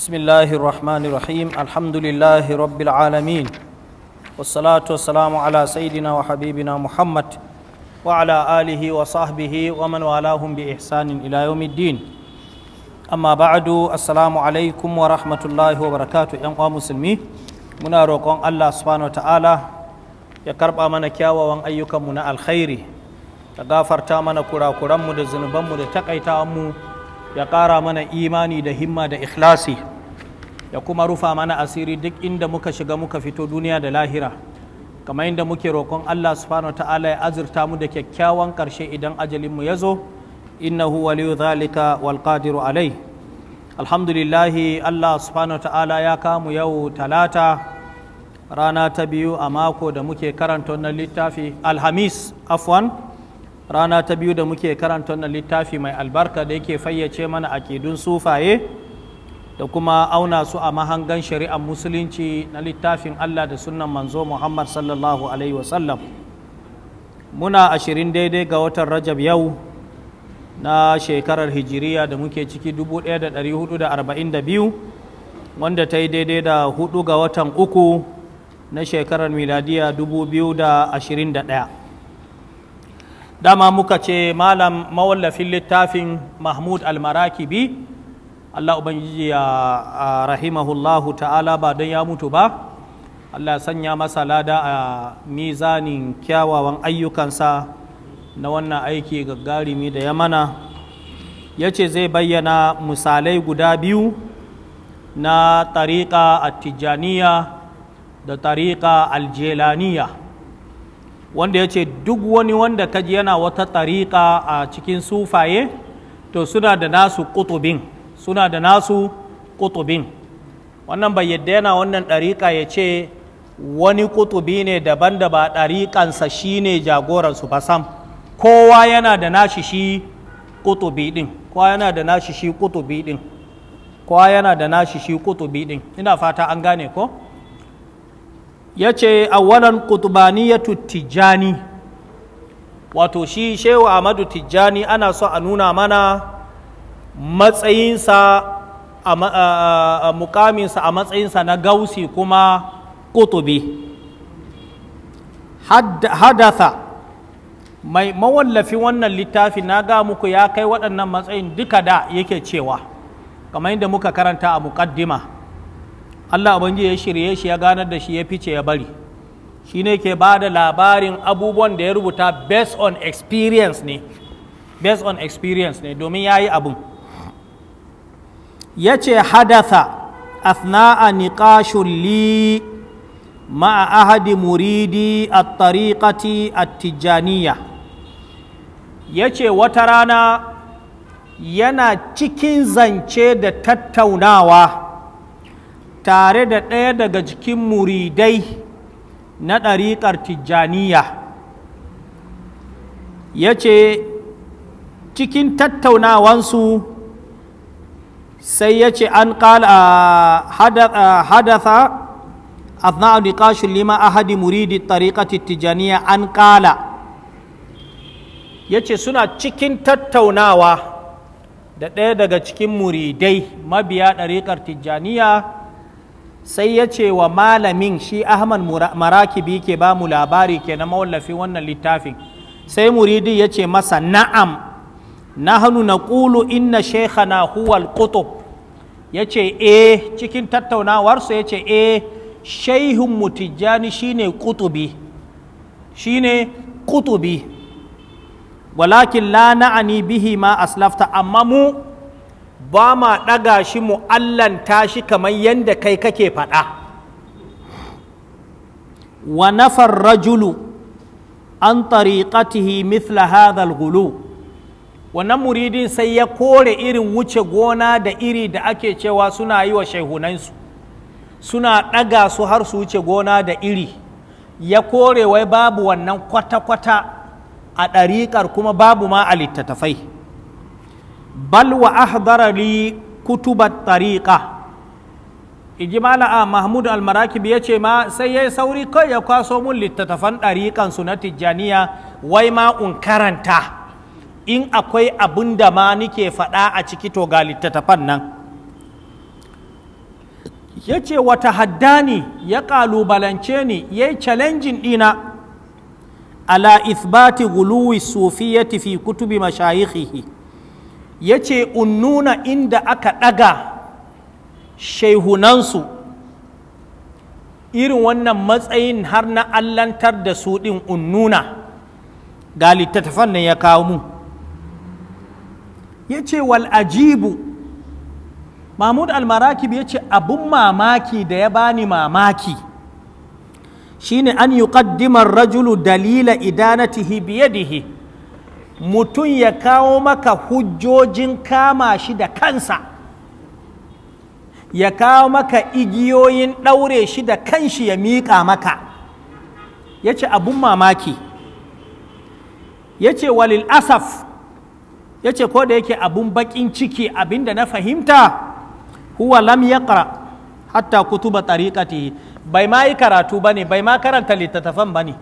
بسم الله الرحمن الرحيم الحمد لله رب العالمين والصلاة والسلام على سيدنا وحبيبنا محمد وعلى آله وصحبه ومن والاهم بإحسان إلى يوم الدين أما بعد السلام عليكم ورحمة الله وبركاته يا مسلمي muna roƙon Allah subhanahu wa ta'ala ya karɓa mana kyawawan ayyukanmu na alkhairi da gafarta mana kurakuranmu da zunubanmu da takaitawanmu ya ƙara mana imani da himma da ikhlasi ya kuma rufa mana asiri duk inda muka shiga muka fito duniya da lahira kamar inda muke roƙon Allah subhanahu ta'ala ya azurta mu da kyakkyawan ƙarshe idan ajalin mu ya zo innahu waliyu zalika wal qadiru alai alhamdulillah Allah subhanahu ta'ala ya kamu yau talata rana ta biyu a mako da muke karanta wannan littafi alhamis afwan rana ta biyu da muke karanta wannan littafi mai albarka da yake fayyace mana akidun sufaye da kuma auna su a mahangan shari'ar musulunci na littafin Allah da sunnan manzo Muhammad sallallahu alaihi wasallam muna ashirin daidai ga watan rajab yau na shekarar hijiriya da muke ciki 1442 wanda ta yi daidai da hudu ga watan uku na shekarar miladiya 2021 dama muka ce malam mawallafin littafin mahmud almarakibi allah ubangiji ya rahimahullahu ta'ala ba don ya mutu ba allah sanya masa lada a mizanin kyawawan ayyukansa na wannan aiki gaggarimi da ya mana ya ce zai bayyana misalai guda biyu na tariƙa attijaniya da tariƙa aljelaniya wanda ya ce duk wani wanda kaji yana wata tariƙa a cikin sufaye to suna da nasu ƙutubin suna da nasu kutubin wannan bai yadda yana wannan ɗariƙa ya ce wani kutubi ne daban da ba ɗariƙansa shi ne jagoransu ba sam kowa yana da nashi shi ƙutubi ɗin kowa yana da nashi shi ƙutubi ɗin kowa yana da nashi shi ƙutubi ɗin ina fata an gane ko ya ce awalan kutubaniyatu tijjani wato shi shehu Amadu tijjani ana so a nuna mana matsayinsa a mukaminsa a matsayinsa na gausi kuma kutubi hadatha mai mawallafi wannan littafi na ga muku ya kai waɗannan matsayin duka da yake cewa kamar yadda muka karanta a muƙaddima Allah abinji ya shirye shi ya ganar da shi ya fice ya bari shi ne ke ba da labarin abubuwan da ya rubuta based on experience ne based on experience ne domin ya yi abin ya ce hadatha a niƙashun li ma'a ahadi muridi a tariƙati a tijjaniya ya ce wata rana yana cikin zance da tattaunawa tare da ɗaya daga cikin muridai na ɗariƙar tijjaniya ya ce cikin tattaunawansu sai ya ce an ƙala hadatha lima a لما muridi ɗariƙar tijjaniya an ƙala. Ya ce suna cikin tattaunawa da ɗaya daga cikin muridai mabiya ɗariƙar tijjaniya sai ya ce wa malamin shi ahmad marakibi ke ba mu labari ke na mawallafi wannan littafin sai muridi ya ce masa na'am nahnu naqulu inna shaykhana na huwal qutub yace eh cikin tattaunawar su ce eh shayhun mutijani shine qutubi shine qutubi walakin la na'ani bihi ma aslafta amma mu ba ma ɗaga shi mu'allanta shi kamar yadda kai kake faɗa wa nafar rajulu an tariƙatihi mithla hadhal gulu wannan muridin sai ya kore irin wuce gona da iri da ake cewa suna yi wa shaihunansu suna ɗaga su har su wuce gona da iri ya kore wai babu wannan kwata-kwata a ɗariƙar kuma babu ma a littattafai bal wa ahdara li kutubat tariqa ijmala a ah, mahmud Al-Marraƙi almarakib ya ce ma sai ya yi sauri kai ya kwaso mun littattafan ɗariƙansu na tijjaniya wai ma un karanta in akwai abin da ma nike faɗa a ciki to ga littattafan nan ya ce wata haddani ya ƙalubalance ni ya yi challenging ɗina ala ithbati guluwi sufiyyati fi kutubi mashayikhihi ya ce unnuna inda aka ɗaga shaihunansu irin wannan matsayin har na allantar da su ɗin unnuna ga littattafan nan ya kawo mu ya ce wal ajibu mahmud almarakib ya ce abun mamaki da ya bani mamaki shine an yi rajulu dalila idanatihi biyadihi mutum ya kawo maka hujjojin kama shi da kansa ya kawo maka igiyoyin ɗaure shi da kanshi ya miƙa maka ya ce abun mamaki ya ce walil asaf ya ce ko da yake abun baƙin ciki abinda na fahimta huwa lam ƙara hatta ba tariqatihi bai ma yi karatu ba ne. bai ma karanta littattafan ba ne.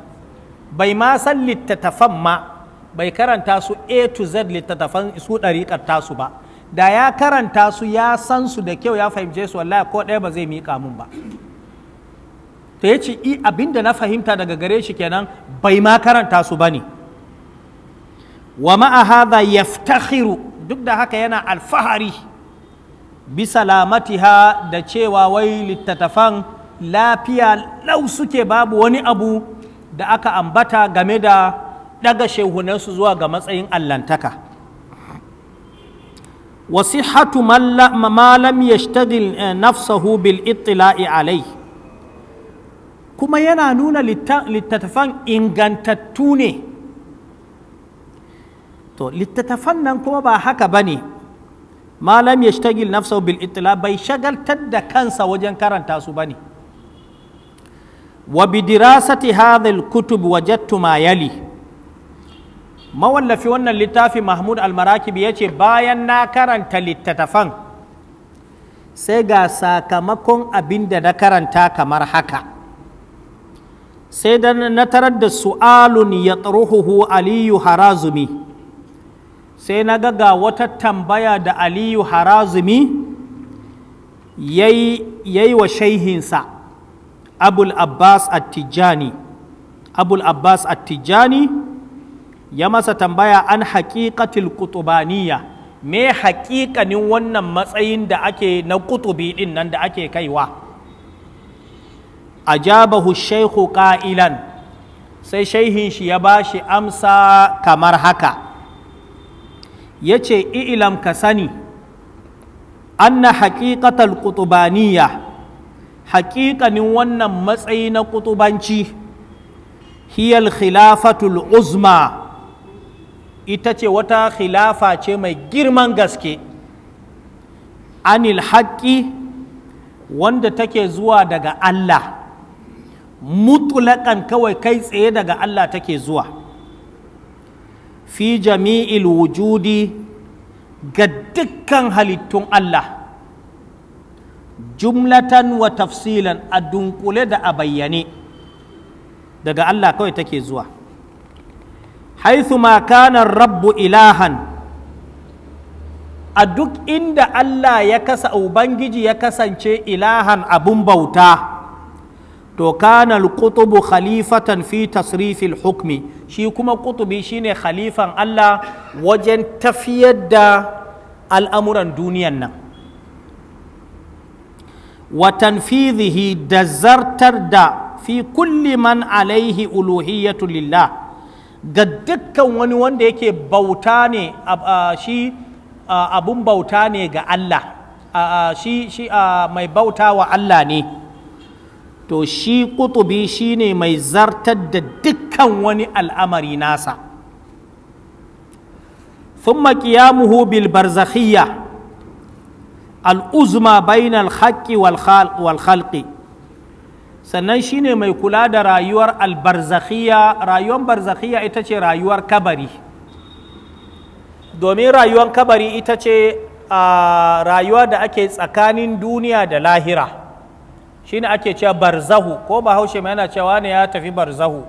bai ma san littattafan ma bai karanta su a to z littattafan su ɗariƙar tasu ba da ya karanta su ya san su da kyau ya fahimce su wallahi ko ɗaya ba zai miƙa mun ba ta yace i abin da na fahimta daga gare shi kenan bai ma karanta su ba ne wa ma'a hadha yaftakhiru duk da haka yana alfahari Bi salamatiha da cewa wai littattafan lafiya lau suke babu wani abu da aka ambata game da daga shehunansu zuwa ga matsayin allantaka wasihatu malam yashtagil eh, nafsahu bil ittila'i alai kuma yana nuna littattafan ingantattu ne to littattafan nan kuma ba haka ba ne malam yashtagil nafsahu bil ittila bai shagaltar da kansa wajen karanta su ba ne wa bidirasati hadhal kutub wajadtu ma yali mawallafi wannan littafi mahmud almarakib ya ce bayan na karanta littattafan sai ga sakamakon abin da na karanta kamar haka sai da na tarar da su'alun ya tsaruhuhu aliyu harazumi sai na ga wata tambaya da aliyu harazumi ya yi wa shaihinsa abul abbas atijani. abul abbas ya masa tambaya an haƙiƙatil kutubaniya me haƙiƙanin wannan matsayin da ake na kutubi ɗin nan da ake kaiwa ajabahu shaihu ƙa'ilan sai shaihin shi ya ba shi amsa kamar haka ya ce ilam ka sani anna haƙiƙatal kutubaniya haƙiƙanin wannan matsayi na kutubanci hiyal khilafatul uzma ita ce wata khilafa ce mai girman gaske anil haƙƙi wanda take zuwa daga Allah mutulakan kawai kai tsaye daga Allah take zuwa fi jami'il wujudi ga dukkan halittun Allah jumlatan wa tafsilan a dunkule da a bayyane daga Allah kawai take zuwa haithu ma rabbu ilahan a duk inda Allah ya kasa ubangiji ya kasance ilahan abun bauta to kana al-qutubu khalifatan fi tasrifil hukmi shi kuma qutubi shine khalifan Allah wajen tafiyar da al'amuran duniyan nan wa tanfidhihi da zartar da fi kulli man alaihi uluhiyatu lillah ga dukkan wani wanda yake bauta ne shi abun bauta ne ga Allah shi shi mai bauta wa Allah ne to shi kutubi shi ne mai zartar da dukkan wani al'amari nasa ثم قيامه بالبرزخية الأزمة بين الحق والخلق sannan shine mai kula da rayuwar albarzakhiya rayuwar barzakhiya ita ce rayuwar kabari domin rayuwar kabari ita ce a rayuwa da ake tsakanin duniya da lahira shine ake cewa barzahu ko ba haushe mai yana cewa ne ya tafi barzahu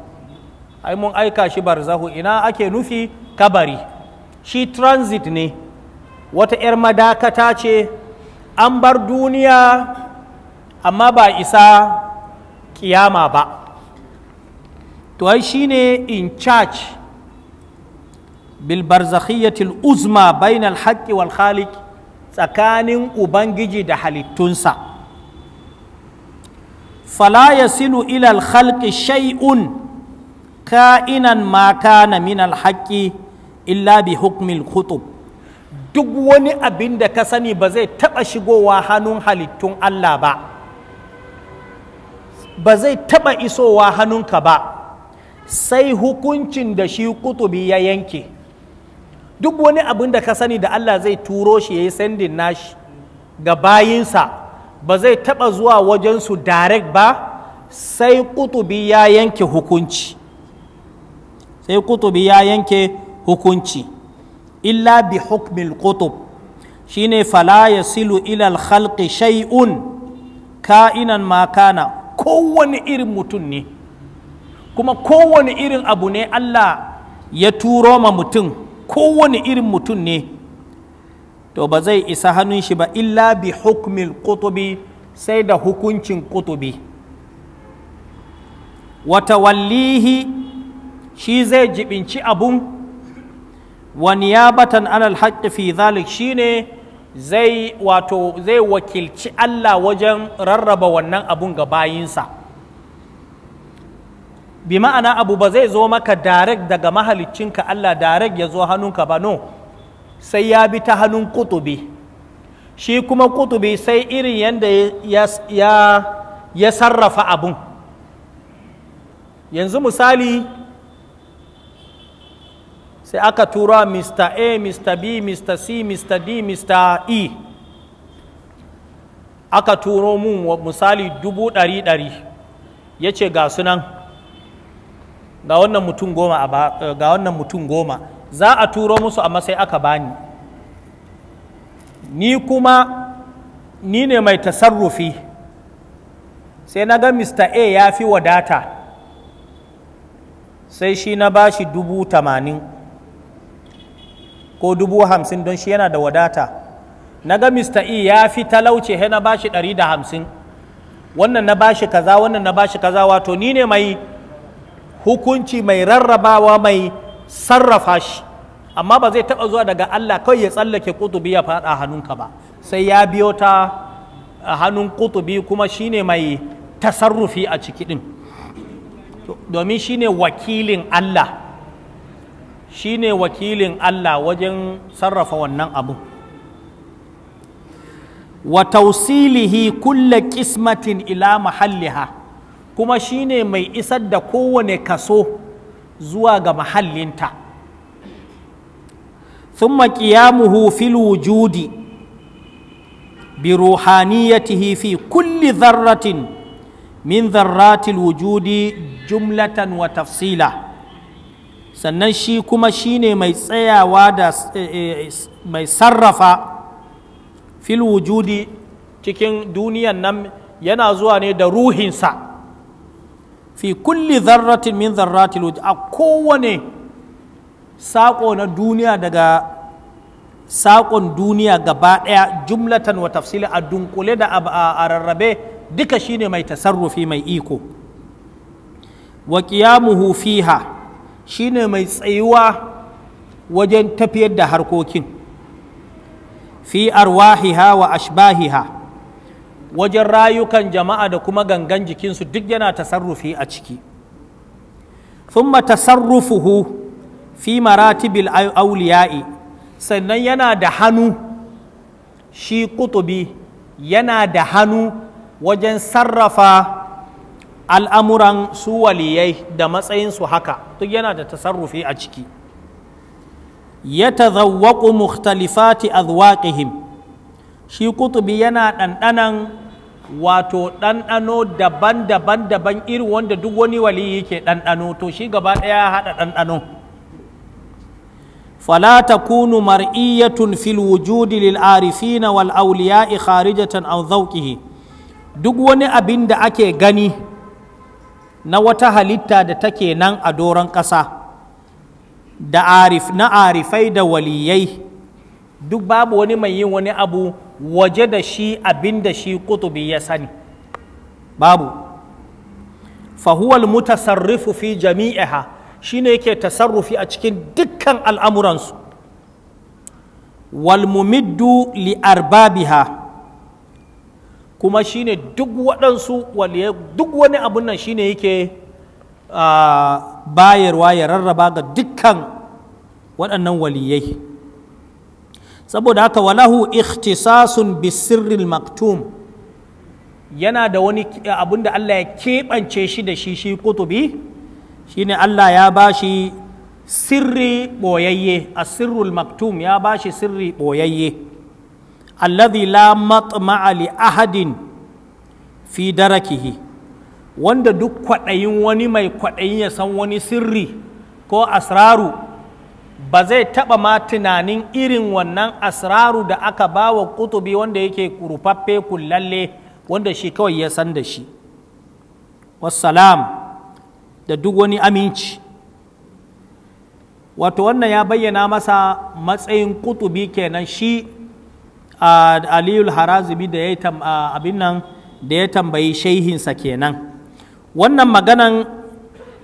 ai mun aika shi barzahu ina ake nufi kabari shi transit ne wata 'yar madakata ce an bar duniya amma ba isa kiyama ba to ai shine in charge bil barzakhiyatil uzma bainal haqqi wal khaliq tsakanin ubangiji da halittunsa fala yasilu ila al khalqi shay'un ka'inan ma kana min al haqqi illa bi hukmil khutub duk wani abin da ka sani ba zai taba shigowa hannun halittun Allah ba ba zai taɓa isowa hannunka ba sai hukuncin da shi kutubi ya yanke duk wani abin da ka sani da Allah zai turo shi ya yi sendin nashi ga bayinsa ba zai taɓa zuwa wajensu direct ba sai kutubi ya yanke hukunci sai kutubi ya yanke hukunci illa bi hukmil kutub shine fala silu ilal khalqi shay'un ka'inan makana. kowane irin mutum ne kuma kowane irin abu ne Allah ya turo ma mutum kowane irin mutum ne to ba zai isa hannun shi ba illa bi hukumin kutubi sai da hukuncin kutubi wata wallihi shi zai jibinci abun wani batan alal haƙƙi fi zalik shine ne zai wato zai wakilci Allah wajen rarraba wannan abun ga bayinsa bi ma'ana abu ba zai zo maka direct daga mahalicinka Allah direct ya zo hannunka ba no sai ya bi ta hannun kutubi shi kuma kutubi sai irin yadda ya, sarrafa abun yanzu misali sai aka tura mr a mr b mr c mr d mr e aka turo mun misali dubu ɗari ɗari ya ce ga sunan ga wannan mutum goma eh, ga wannan mutum goma za a turo musu amma sai aka bani ni kuma ni ne mai tasarrufi sai na ga mr a ya fi wadata sai shi na bashi dubu tamanin ko dubu hamsin don shi yana da wadata na ga mr e ya fi talauce he na bashi ɗari da hamsin wannan na bashi kaza wannan na bashi kaza wato ni ne mai hukunci mai rarrabawa mai sarrafa shi amma ba zai taɓa zuwa daga Allah kawai ya tsallake kutubi ya faɗa hannunka ba sai ya biyo ta hannun kutubi kuma shine mai tasarrufi a ciki ɗin domin shine wakilin Allah shi ne wakilin Allah wajen sarrafa wannan abu wa tausilihi kulle kismatin ila mahalliha kuma shi ne mai isar da kowane kaso zuwa ga mahallinta sun maƙiyamuhu wujudi. bi ruhaniyatihi fi kulli zarratin min zarratil wujudi jumlatan wa tafsila. sannan shi kuma shi ne mai tsayawa da eh, eh, mai sarrafa fil wujudi cikin duniyan nan yana zuwa ne da ruhinsa fi kulli zarratin min zarratil wujud a kowane saƙo na duniya daga saƙon duniya gaba ɗaya jumlatan wa tafsili a dunkule da a rarrabe duka shine mai tasarrufi mai iko wa qiyamuhu fiha shine mai tsayuwa wajen tafiyar da harkokin fi arwahiha wa ashbahiha wajen rayukan jama'a da kuma gangan jikinsu duk yana tasarrufi a ciki thumma tasarrufuhu fi maratibil auliya'i sannan yana da hannu shi kutubi yana da hannu wajen sarrafa al'amuran su waliyai da matsayinsu haka duk yana da tasarrufi a ciki ya tazawwaƙu mukhtalifati azwaqihim shi kutubi yana ɗanɗanan wato ɗanɗano daban-daban daban iri wanda duk wani wali yake ɗanɗano to shi gaba ɗaya haɗa ɗanɗano فلا تكون مرئية في الوجود للعارفين والأولياء خارجة عن ذوقه duk wani abin da ake gani na wata halitta da take nan a doron ƙasa da arif na arifai da waliyai duk babu wani mai yin wani abu waje da shi abin da shi kutubi ya sani babu fahuwal mutasarrifu fi jami'iha shine yake tasarrufi a cikin dukkan al'amuransu wal mumiddu li arbabiha kuma shine duk waɗansu duk wani abun nan shine yake bayarwa ya rarraba ga dukkan waɗannan waliyai saboda haka walahu ikhtisasun bisirril maktum yana da wani abun da Allah ya keɓance shi da shi shi kutubi shine Allah ya ba shi sirri ɓoyayye a sirrul maktum ya ba shi sirri ɓoyayye alladhi la matma'a li ahadin fi darakihi wanda duk kwaɗayin wani mai kwaɗayin ya san wani sirri ko asraru ba zai taɓa ma tunanin irin wannan asraru da aka ba wa kutubi wanda yake rufaffe kullalle wanda shi kawai ya san da shi wassalam da duk wani aminci wato wannan ya bayyana masa matsayin kutubi kenan shi aliyul harazibi da ya abin nan da ya tambayi shaihinsa kenan wannan maganan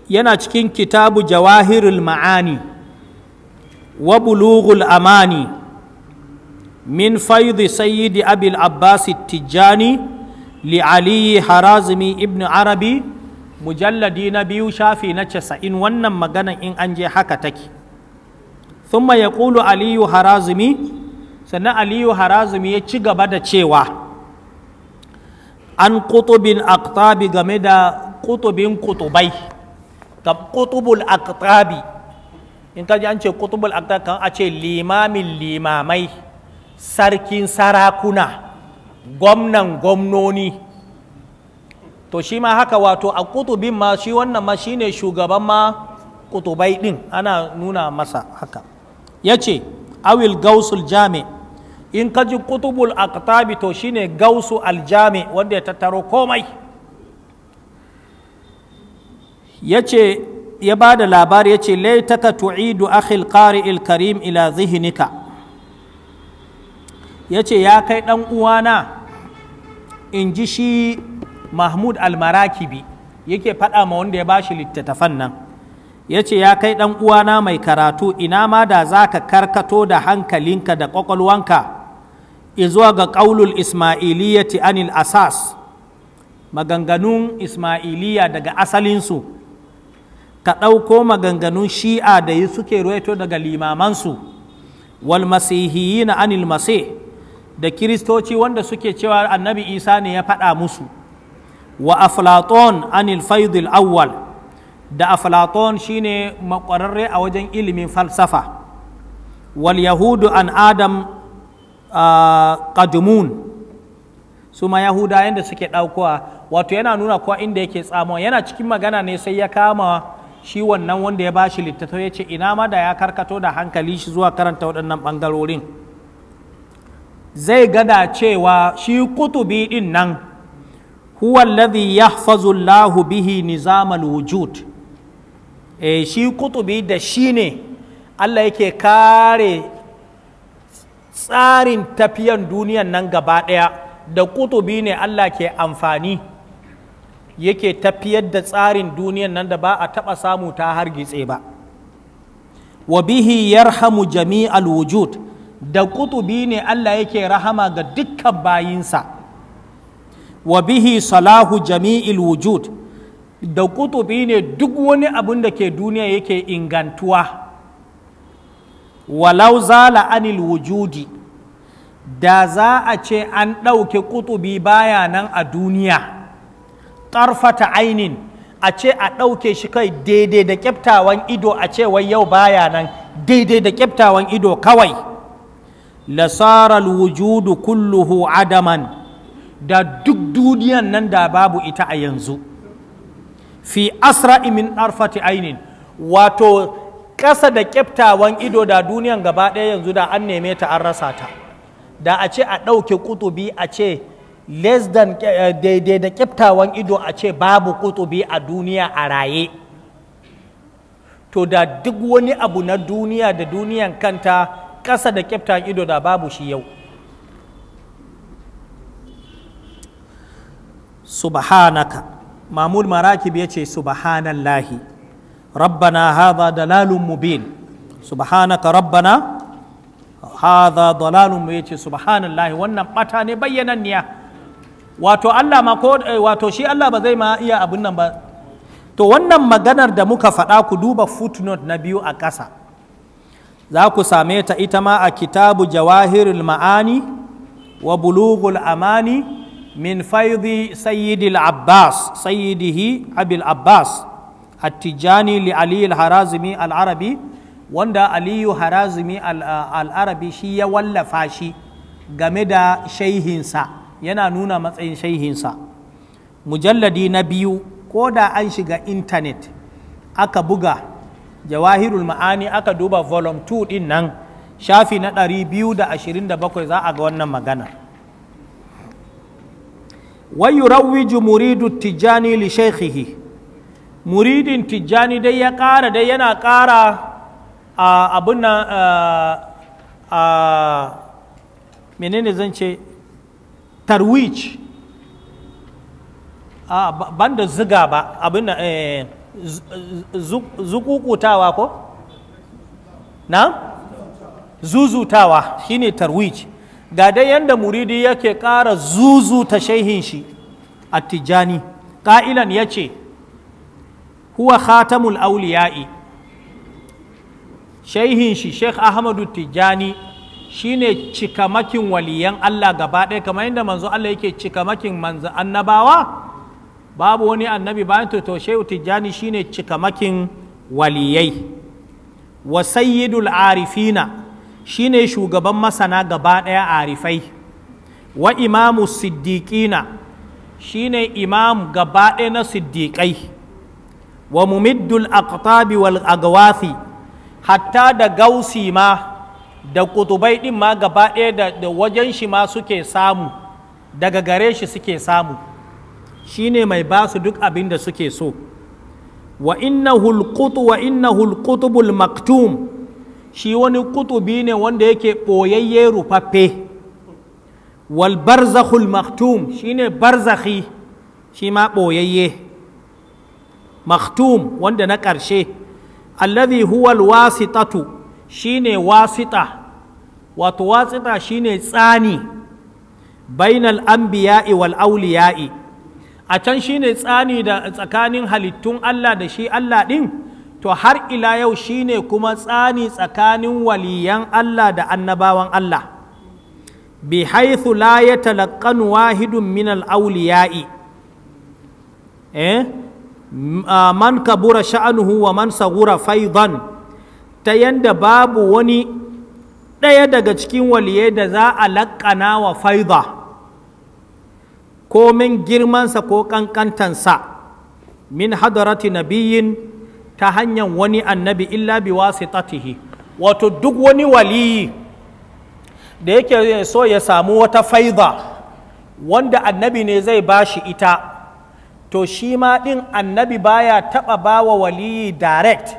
yana cikin kitabu jawahirul ma'ani wa bulughul amani min faidi sayyidi abil abbas tijjani li aliyi harazimi ibn arabi mujalladi na biyu shafi na casa'in wannan maganan in an je haka take ثم يقول علي هرازمي sannan aliyu harazumi ya ci gaba da cewa an kutubin aktabi game da kutubin kutubai ga kutubul aktabi in ka ji an ce kutubul aktabi kan a ce limamin limamai sarkin sarakuna gwamnan gwamnoni to shi ma haka wato a kutubin ma shi wannan ma shi ne shugaban ma kutubai din ana nuna masa haka ya ce awil gausul jami' in ka ji kutubul aqtabi to shine gausu aljami wanda ya tattaro komai ya ce ya ba da labari ya ce laitaka tu'idu akhil qari'il karim ila zihnika ya ce ya kai dan uwana in ji shi mahmud almarakibi yake faɗa ma wanda ya bashi littattafan nan ya ce ya kai ɗan uwana mai karatu ina ma da za ka karkato da hankalinka da ƙwaƙwalwanka izuwa ga ƙaulul ti anil asas maganganun isma'iliyya daga asalinsu ka ɗauko maganganun shi'a da yi suke ruwaito daga limamansu wal masihiyina anil masih da kiristoci wanda suke cewa annabi isa ne ya faɗa musu wa aflaton anil faidil awwal da aflaton shine makwararre a wajen ilimin falsafa wal yahudu an adam qadumun su ma yahuda yadda suke ɗaukowa wato yana nuna kuwa inda yake tsamo yana cikin magana ne sai ya kama shi wannan wanda ya bashi littattafai ya ce ina ma da ya karkato da hankali shi zuwa karanta waɗannan bangarorin. zai gada cewa shi kutubi ɗin nan huwa alladhi yahfazu Allahu bihi nizamal wujud e shi kutubi da shi ne Allah yake kare tsarin tafiyan duniyan nan gaba ɗaya da kutubi ne Allah ke amfani yake tafiyar da tsarin duniyan nan da ba a taɓa samu ta hargitse ba wa bihi yarhamu jami'al wujud da kutubi ne Allah yake rahama ga dukkan bayinsa wa bihi salahu jami'il wujud da kutubi ne duk wani abin da ke duniya yake ingantuwa walau zala anil wujudi da za a ce an ɗauke kutubi baya nan a duniya ƙarfata ainin a ce a ɗauke shi kai daidai da kyaftawan ido a ce wai yau baya nan daidai da ƙyaftawan ido kawai lasaral wujudu kulluhu adaman da duk duniyan nan da babu ita a yanzu fi asra'i min ɗarfati ainin wato ƙasa da kyaftawan ido da duniyan gaba ɗaya yanzu da an neme ta an rasa ta da a ce a ɗauke kutubi a ce less than eh, daidai da kyaftawan ido a ce babu kutubi a duniya a raye to da duk wani abu na duniya da duniyan kanta ƙasa da kyaftawan ido da babu shi yau subhanaka mamul maraki ya ce subhanallahi rabbana hadha dalalun mubin subhanaka rabbana hadha dalalun mu yace subhanallahi wannan bata ne bayyananniya wato Allah ma eh, wato shi Allah ba zai ma iya abin nan ba to wannan maganar da muka faɗa ku duba footnote na biyu a ƙasa za ku same ta ita ma a kitabu jawahirul ma'ani wa bulughul amani min faidi sayyidil sayyidihi abbas attijani li aliyu harazumi arabi wanda aliyu harazumi uh, al'arabi shi ya wallafa shi game da shaihinsa yana nuna matsayin shaihinsa mujalladi na biyu ko da an shiga intanet aka buga jawahirul ma'ani aka duba volume 2 din nan shafi na 227 za a ga wannan magana wayurawiju muridu tijani li shaikhihi muridin tijjani dai ya ƙara dai yana ƙara abin nan menene zan ce tarwich ban da ziga ba abin nan eh, zukukutawa ko na zuzutawa shine tarwich ga dai yadda muridi yake ƙara zuzuta shehin shi a tijjani ƙa'ilan ya ce huwa khatamul auliya'i shaihin shi sheikh ahmadu tijjani shine cikamakin waliyan Allah gaba ɗaya kamar yadda manzo Allah yake cikamakin manzo annabawa babu wani annabi bayan to shehu tijjani shine cikamakin waliyai wa sayyidul arifina shine shugaban masana gaba ɗaya arifai wa imamu siddiqina shine imam gaba ɗaya na siddiƙai wa mumiddul aqtabi wal agwafi hatta da gausi ma da kutubai din ma gaba ɗaya da wajen shi ma suke samu daga gare shi suke samu shine mai ba su duk abin da suke so wa inna qutu wa inna qutubul maktum shi wani kutubi ne wanda yake ɓoyayye rufaffe wal barzakhul maktum shine barzakhi shi ma ɓoyayye maktum wanda na ƙarshe alladhi huwal alwasitatu shine wasita wato wasita shine tsani bainal anbiya'i wal auliya'i a can shine tsani da tsakanin halittun Allah da shi Allah din to har ila yau shine kuma tsani tsakanin waliyan Allah da annabawan Allah bi haithu la yatalaqqanu wahidun minal al auliya'i eh Ah, man kabura sha'anuhu wa man sagura faidan ta yanda babu wani ɗaya daga cikin waliye da za a laƙana wa faida komin girmansa ko ƙanƙantansa min hadarati nabiyin ta hanyar wani annabi illa bi wasitatihi wato duk wani waliyi da yake so ya samu wata faida wanda annabi ne zai bashi ita to shi ma ɗin annabi baya taɓa bawa waliyi direct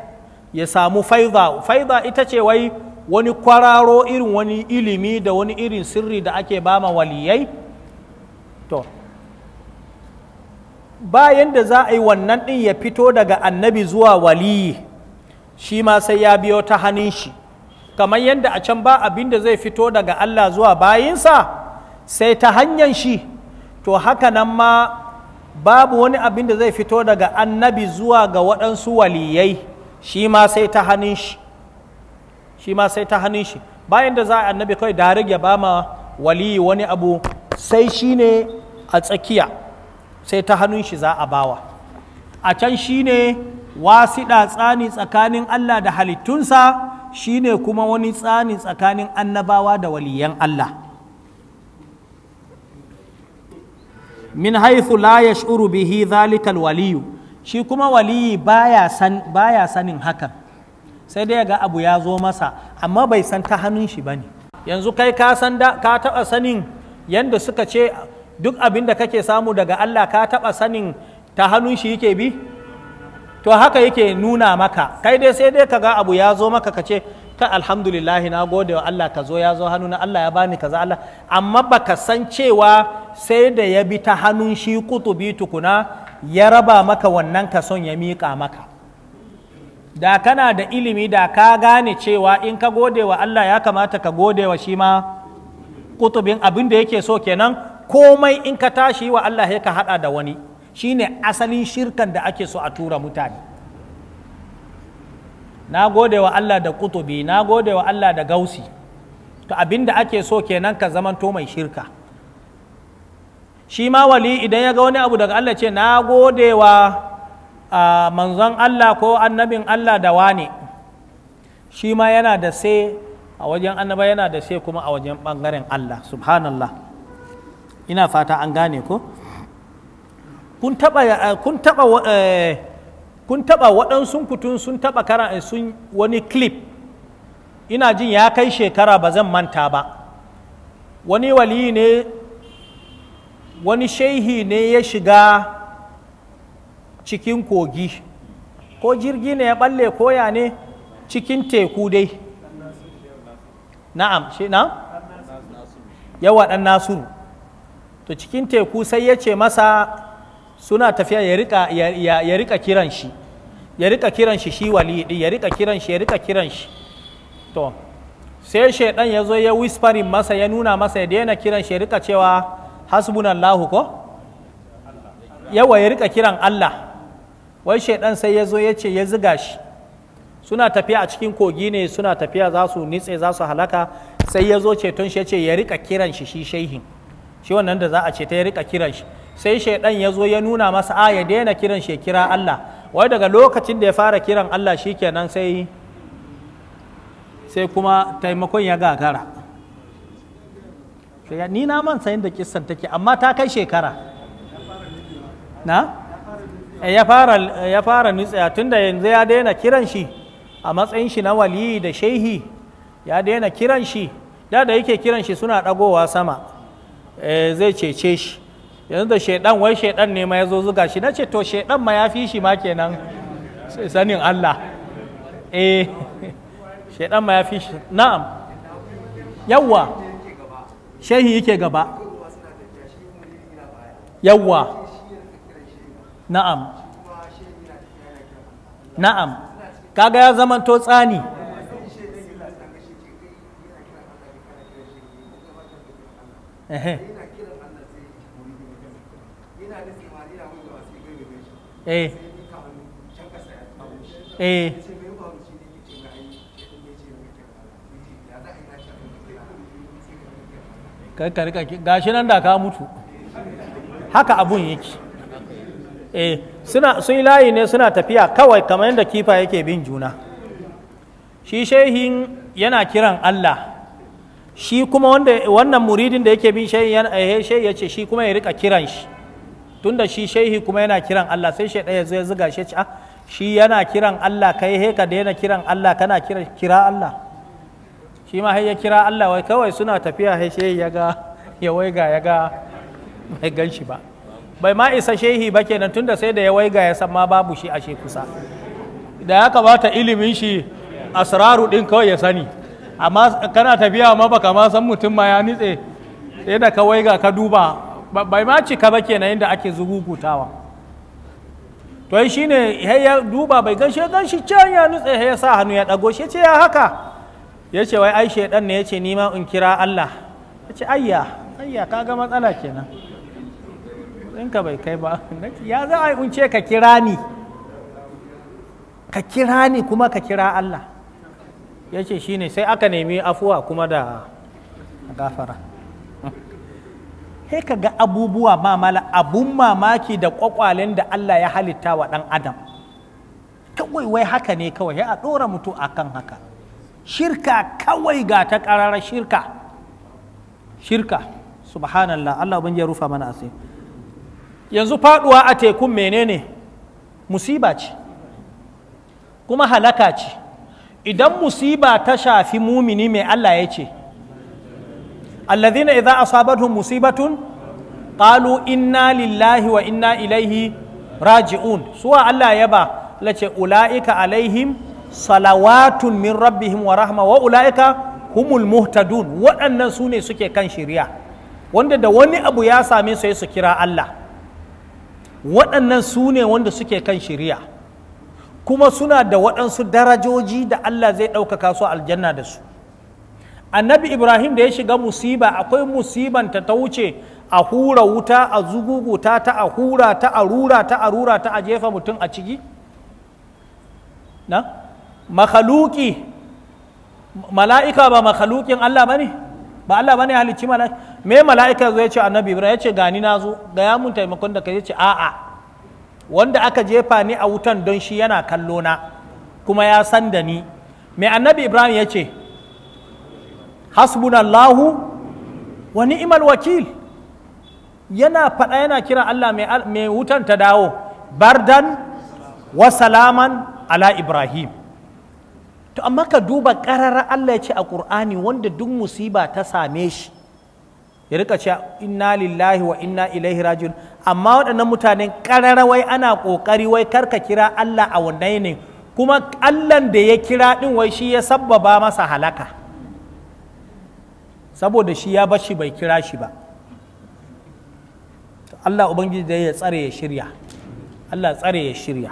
ya samu faiza faiza ita ce wai wani kwararo irin wani ilimi da wani irin sirri da ake bama waliyai to bayan da za a yi wannan ɗin ya fito daga annabi zuwa waliyi shi ma sai ya biyo ta hannun shi kamar yadda a can ba abin da zai fito daga Allah zuwa bayinsa sai ta hanyar shi to haka nan ma babu wani abin da zai fito daga annabi zuwa ga waɗansu waliyai shi ma sai ta hannun shi shi ma sai ta hannun shi bayan da za a annabi kawai da ya ba ma waliyi wani abu sai shi ne a tsakiya sai ta hannun shi za a bawa a can shi ne wasiɗa tsani tsakanin Allah da halittunsa shi ne kuma wani tsani tsakanin annabawa da waliyan Allah min haithu la yash'uru bihi zalikal waliyu shi kuma waliyi baya san sanin hakan sai dai ga abu ya zo masa amma bai san ta hannun shi bane yanzu kai ka san da ka taba sanin yanda suka ce duk abin da kake samu daga Allah ka taba sanin ta hannun shi yake bi to haka yake nuna maka kai dai sai dai ka ga abu ya zo maka ka ce ta alhamdulillahi na gode wa Allah ka zo ya zo hannu na Allah ya bani kaza Allah amma baka san cewa sai da ya bi ta hannun shi kutubi tukuna ya raba maka wannan ka son ya miƙa maka da kana da ilimi da ka gane cewa in ka gode wa Allah ya kamata ka gode wa shi ma kutubin abin da yake so kenan komai in ka tashi wa Allah ya ka hada da wani shine asalin shirkan da ake so a tura mutane na gode wa Allah da kutubi na gode wa Allah da gausi to abinda ake so kenan ka zamanto mai shirka shi ma wali idan ya ga wani abu daga Allah ce na gode wa manzon Allah ko annabin Allah da wane shi ma yana da sai a wajen annaba yana da sai kuma a wajen bangaren Allah subhanallah ina fata an gane ko kun taba kun taba kun taɓa waɗansu kutun sun taɓa kara eh, sun wani clip ina jin ya kai shekara ba zan manta ba wani wali ne wani shehi ne ya shiga cikin kogi ko jirgi ne ya balle koya ne cikin teku dai na'am shi na yawa ɗan nasiru to cikin teku sai ya ce masa suna tafiya ya rika ya rika kiran shi ya rika kiran shi shi wali ya rika kiran shi ya rika kiran shi to sai shaidan ya zo ya whispering masa ya nuna masa ya daina kiran shi ya rika cewa hasbunallahu ko yawa ya rika kiran Allah wai shaidan sai ya zo ya ce ya ziga shi suna tafiya a cikin kogi ne suna tafiya za su nitse za su halaka sai ya zo ceton shi ya ce ya rika kiran shi shi shaihin. shi wannan da za a ce ta rika kiran shi sai shaidan ya zo ya nuna masa a ya daina kiran shi kira Allah wai daga lokacin da ya fara kiran Allah shikenan sai sai kuma taimakon ya gagara ni na man sai da kissan take amma ta kai shekara na eh, ya fara ya fara nutsaya tunda yanzu ya daina kiran shi a matsayin shi na waliyi da shehi ya daina kiran shi da da yake kiran shi suna dagowa sama Eh, zai cece shi yanzu da shaidan wai shaidan ne ma ya zo zuga shi na ce to shaidan ma ya fi shi ma kenan sanin Allah eh shaidan ma ya fi shi na'am yawwa shehi yake gaba yawwa na'am na'am kaga ya to tsani eh eh gashi nan da ka mutu haka abun yake eh suna sun layi ne suna tafiya kawai kamar yadda kifa yake bin juna shi shehin yana kiran Allah shi kuma wanda wannan muridin da yake bin shehi eh, ya ce shi kuma ya rika kiran shi tunda shi shehi kuma yana kiran Allah sai shi ɗaya zai zuga shi ah shi yana kiran Allah kai he ka daina kiran Allah kana kira kira Allah shi ma ya kira Allah wai kawai suna tafiya he shehi ya ga ya waiga ya ga bai gan shi ba bai ma isa shehi ba kenan tunda sai da ya waiga ya san ma babu shi a kusa da ya kamata ilimin shi asraru din kawai ya sani amma kana tafiya amma baka ma san mutum ma ya nitse sai da kawai ga ka duba bai ma cika ba kenan inda ake zugugutawa to shi ne ya duba bai ganshe ganshi can ya nutse ya sa hannu ya dago shi ce ya haka ya ce wai ai shaidan ne ya ce nima in kira Allah ya ce ayya ayya ka ga matsala kenan in ka bai kai ba ya za a unce ka kira ni ka kira ni kuma ka kira Allah ya ce shi ne sai aka nemi afuwa kuma da gafara sai ka ga abubuwa mamala abun mamaki da kwakwalen da Allah ya halitta wa ɗan adam kawai wai haka ne kawai a ɗora mutu a kan haka shirka kawai ga ta ƙararar shirka shirka subhanallah Allah ubangiji ya rufa mana asiri yanzu faɗuwa a tekun menene musiba ce kuma halaka ce idan musiba ta shafi mumini mai Allah ya ce allazina idza asabatuhum musibatun qalu inna lillahi wa inna ilaihi raji'un suwa Allah ya ba lace ula'ika alaihim salawatun min rabbihim wa rahma wa ula'ika humul muhtadun waɗannan su ne suke kan shirya wanda da wani abu ya same su su kira Allah waɗannan su ne wanda suke kan shirya kuma suna da waɗansu darajoji da Allah zai ɗaukaka su aljanna da su annabi ibrahim da ya shiga musiba akwai musiban ta wuce a hura wuta a zuguguta ta a hura ta a rura ta a rura ta a jefa mutum a ciki na makhaluki mala'ika ba makhalukin Allah ba ne ba Allah ba ne halicci mala'ika me mala'ika zai ce annabi ibrahim ya ce gani na zo ga ya mun taimakon da ka ce a'a wanda aka jefa ni a wutan don shi yana kallona kuma ya san da ni mai annabi ibrahim ya ce hasbunallahu wa ni'mal wakil yana faɗa yana kira allah mai wutan ta dawo bardan wa salaman ala ibrahim to amma ka duba ƙarara allah ya ce a ƙur'ani wanda duk musiba ta same shi ya rika cewa inna lillahi wa inna ilaihi rajiun amma waɗannan mutanen wai ana ƙoƙari wai kar ka kira Allah a wannan ne kuma Allahn da ya kira ɗin wai shi ya sabbaba masa halaka saboda shi ya bashi bai kira shi ba Allah Ubangiji da ya tsare ya shirya Allah tsare ya shirya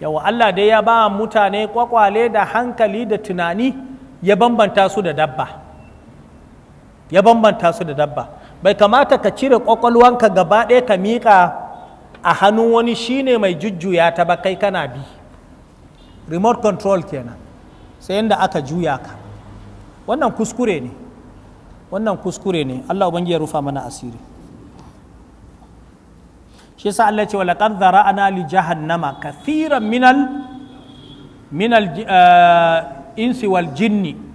yawa Allah dai ya ba mutane kwakwale da hankali da tunani ya bambanta su da dabba ya bambanta su da dabba bai kamata ka cire kwakwalwanka gaba ɗaya ka miƙa a hannun wani shine mai jujjuya ta ba kai kana bi remote control kenan sai yadda aka juya ka wannan kuskure ne wannan kuskure ne Allah ubangi ya rufa mana asiri shi yasa Allah ce wala qad zara'ana li jahannama kathiran minal minal eh, insi jinni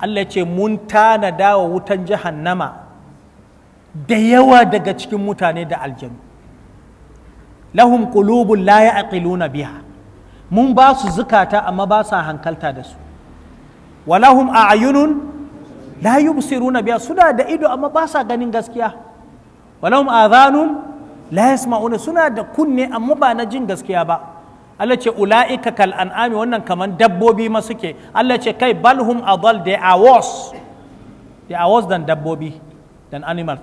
Allah ce mun tanada wa wutan jahannama da yawa daga cikin mutane da aljanu lahum qulubun la ya'qiluna biha mun ba su zukata amma ba sa hankalta da su walahum a'yunun la yubsiruna biha suna da ido amma ba sa ganin gaskiya walahum adhanun la yasma'una suna da kunne amma ba na jin gaskiya ba Allah ce ula'ika kal an'ami wannan kaman dabbobi ma suke Allah ce kai balhum adal they are worse they are worse than dabbobi than animal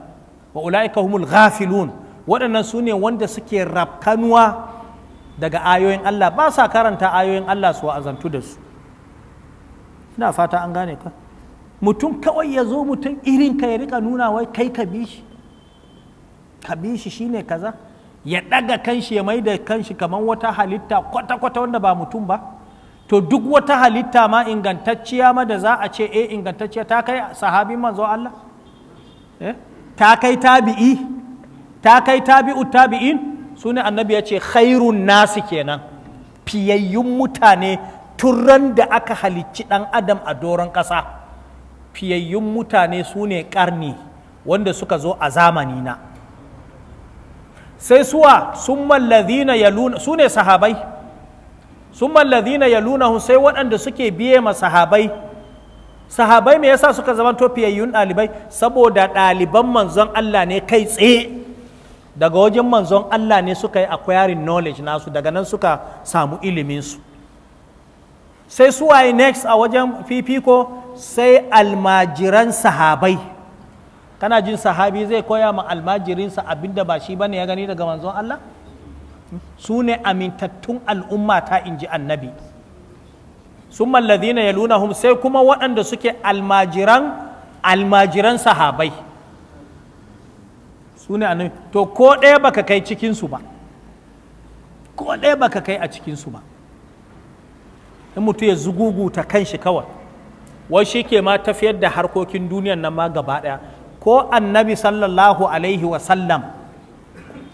wa ula'ika humul ghafilun waɗannan su ne wanda suke rabkanuwa daga ayoyin Allah ba sa karanta ayoyin Allah su azantu da su ina fata an gane ka mutum kawai ya zo mutum irin ka ya rika nuna wai kai ka bi shi ka bi shi shine kaza ya ɗaga kanshi ya mai da kanshi kamar wata halitta kwata-kwata wanda ba mutum ba to duk wata halitta ma ingantacciya ma da za a ce eh ingantacciya ta kai sahabin manzo Allah eh? ta kai tabi'i ta kai tabi'u tabi'in su ne annabi ya ce khairun nasu kenan fiyayyun mutane turan da aka halicci ɗan adam a doron ƙasa fiyayyun mutane su ne ƙarni wanda suka zo a zamani na sai suwa sun mallazina yaluna su ne sahabai sun mallazina yaluna sai waɗanda suke biye ma sahabai sahabai me yasa suka zama tofiyayyun ɗalibai saboda ɗaliban manzon Allah ne kai tsaye daga wajen manzon Allah ne suka yi acquiring knowledge nasu daga nan suka samu iliminsu sai suwaye next a wajen fifiko sai almajiran sahabai kana jin sahabi zai koya ma almajirinsa abinda ba shi bane ya gani daga manzon Allah su ne amintattun al'umma ta inji annabi sun mallazi ya luna hum sai kuma waɗanda suke almajiran almajiran sahabai su ne annabi to ko ɗaya baka kai cikinsu ba ko ɗaya baka kai a cikinsu ba in mutum ya zuguguta shi kawai wai shi ke ma tafiyar da harkokin duniyan nan ma gaba ɗaya ko annabi sallallahu alaihi wasallam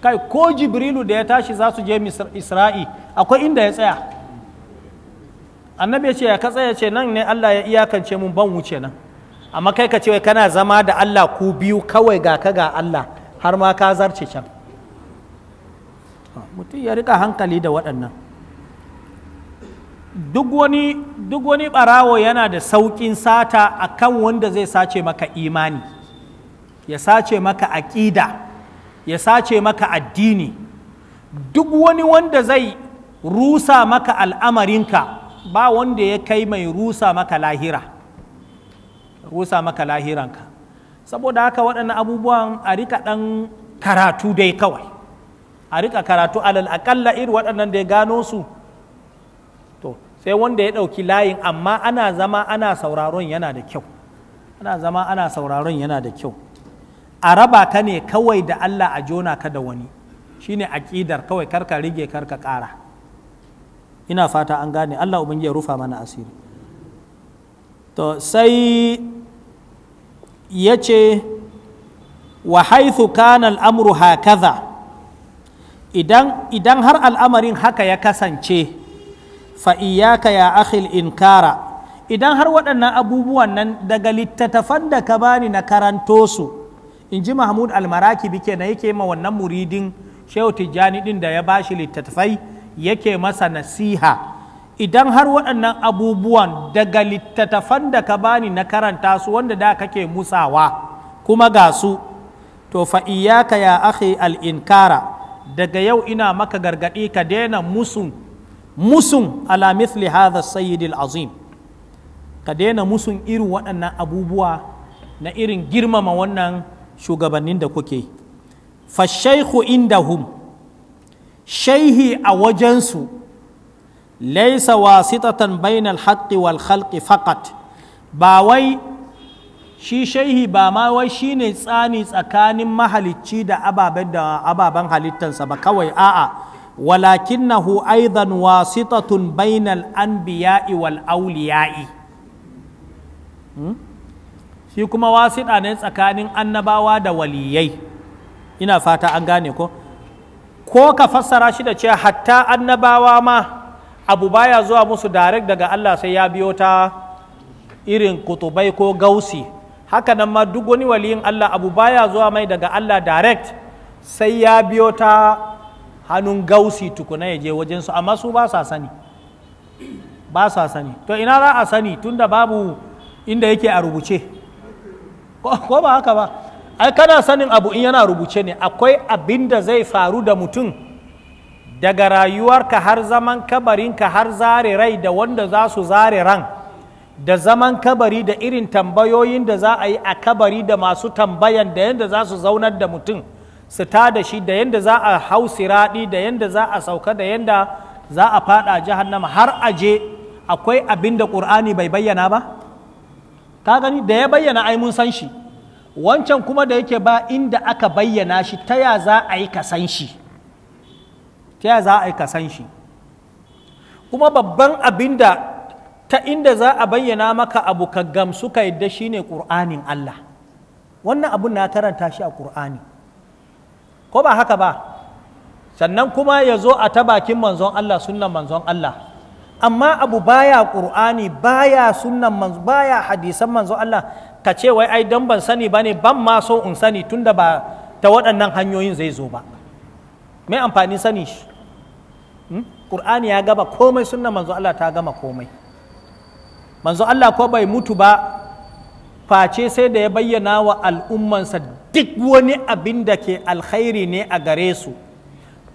kai ko jibrilu da ya tashi za su je isra'i akwai inda ya tsaya annabi ya ce ya ka tsaya ce nan ne allah ya iyakance mun ban wuce nan amma kai ka ce wai kana zama da allah ku biyu kawai ga ka ga allah har ma ka zarce can mutum ya rika hankali da waɗannan duk wani duk wani ɓarawo yana da sauƙin sata akan wanda zai sace maka imani ya sace maka aƙida ya sace maka addini duk wani wanda zai rusa maka al'amarinka ba wanda ya kai mai rusa maka lahira rusa maka lahiranka saboda haka waɗannan abubuwan a rika ɗan karatu dai kawai a rika karatu alal aƙalla iri waɗannan da ya gano su to sai wanda ya ɗauki layin amma ana zama ana sauraron yana da kyau ana zama ana sauraron yana da kyau a raba ka ne kawai da Allah a jona ka da wani shine aƙidar kawai karka rige karka ƙara ina fata an gane Allah ubangiji ya rufa mana asiri to sai ya ce wa haithu kana al'amru hakaza idan idan har al'amarin haka ya kasance fa iyaka ya akhil inkara idan har waɗannan abubuwan nan daga littattafan da ka bani na karanto su in ji mahmud almarakibi kenan yake ma wannan muridin shehu tijjani din da ya bashi littattafai yake masa nasiha idan har waɗannan abubuwan daga littattafan da ka bani na karanta su wanda da kake musawa kuma ga su to fa iyaka ya akhi al-inkara daga yau ina maka gargaɗi ka daina musun musun ala mithli hadha al azim ka daina musun irin waɗannan abubuwa na irin girmama wannan shugabannin da kuke fashaihu indahum shaihi a wajensu laisa wasitatan bainal haqqi wal khalqi faqat ba wai shi shaihi ba ma wai shi ne tsani tsakanin mahalicci da ababen da ababen halittansa ba kawai a'a ولكنه أيضا واسطة بين الأنبياء والأولياء shi kuma wasiɗa ne tsakanin annabawa da waliyai ina fata an gane ko ko ka fassara shi da cewa hatta annabawa ma abu baya zuwa musu direct daga Allah sai ya biyo ta irin kutubai ko gausi haka nan ma duk wani waliyin Allah abu baya zuwa mai daga Allah direct sai ya biyo ta hannun gausi tukuna ya je wajen su amma su ba sa sani ba sa sani to ina za a sani tunda babu inda yake a rubuce ko ba haka ba ai kana sanin abu in yana rubuce ne akwai abin da zai faru da mutum daga rayuwarka har zaman kabarinka har zare rai da wanda za su zare ran da zaman kabari da irin tambayoyin da za a yi a kabari da masu tambayan da yadda za su zaunar da mutum su ta da shi da yadda za a hau siraɗi da yadda za a sauka da yadda za a faɗa jahannama har aje akwai abin da ƙur'ani bai bayyana ba? ka gani da ya bayyana ai mun san shi wancan kuma da yake ba inda aka bayyana shi ta ya za a yi ka san shi ta ya za a yi ka shi kuma babban abin da ta inda za a bayyana maka abu ka gamsu ka yadda ne ƙur'anin Allah wannan abun na karanta shi a ƙur'ani ko ba haka ba sannan kuma ya zo a ta bakin manzon Allah sunnan manzon Allah amma abu baya qur'ani baya sunnan manzo baya hadisan manzo Allah ka ce wai ai dan ban sani bane ban ma so in sani tunda ba ta waɗannan hanyoyin zai zo ba mai amfani sani shi hmm? qur'ani ya gaba komai sunna manzo Allah ta gama komai manzo Allah ko bai mutu ba face sai da ya bayyana wa al'ummansa duk wani abin da ke alkhairi ne a gare su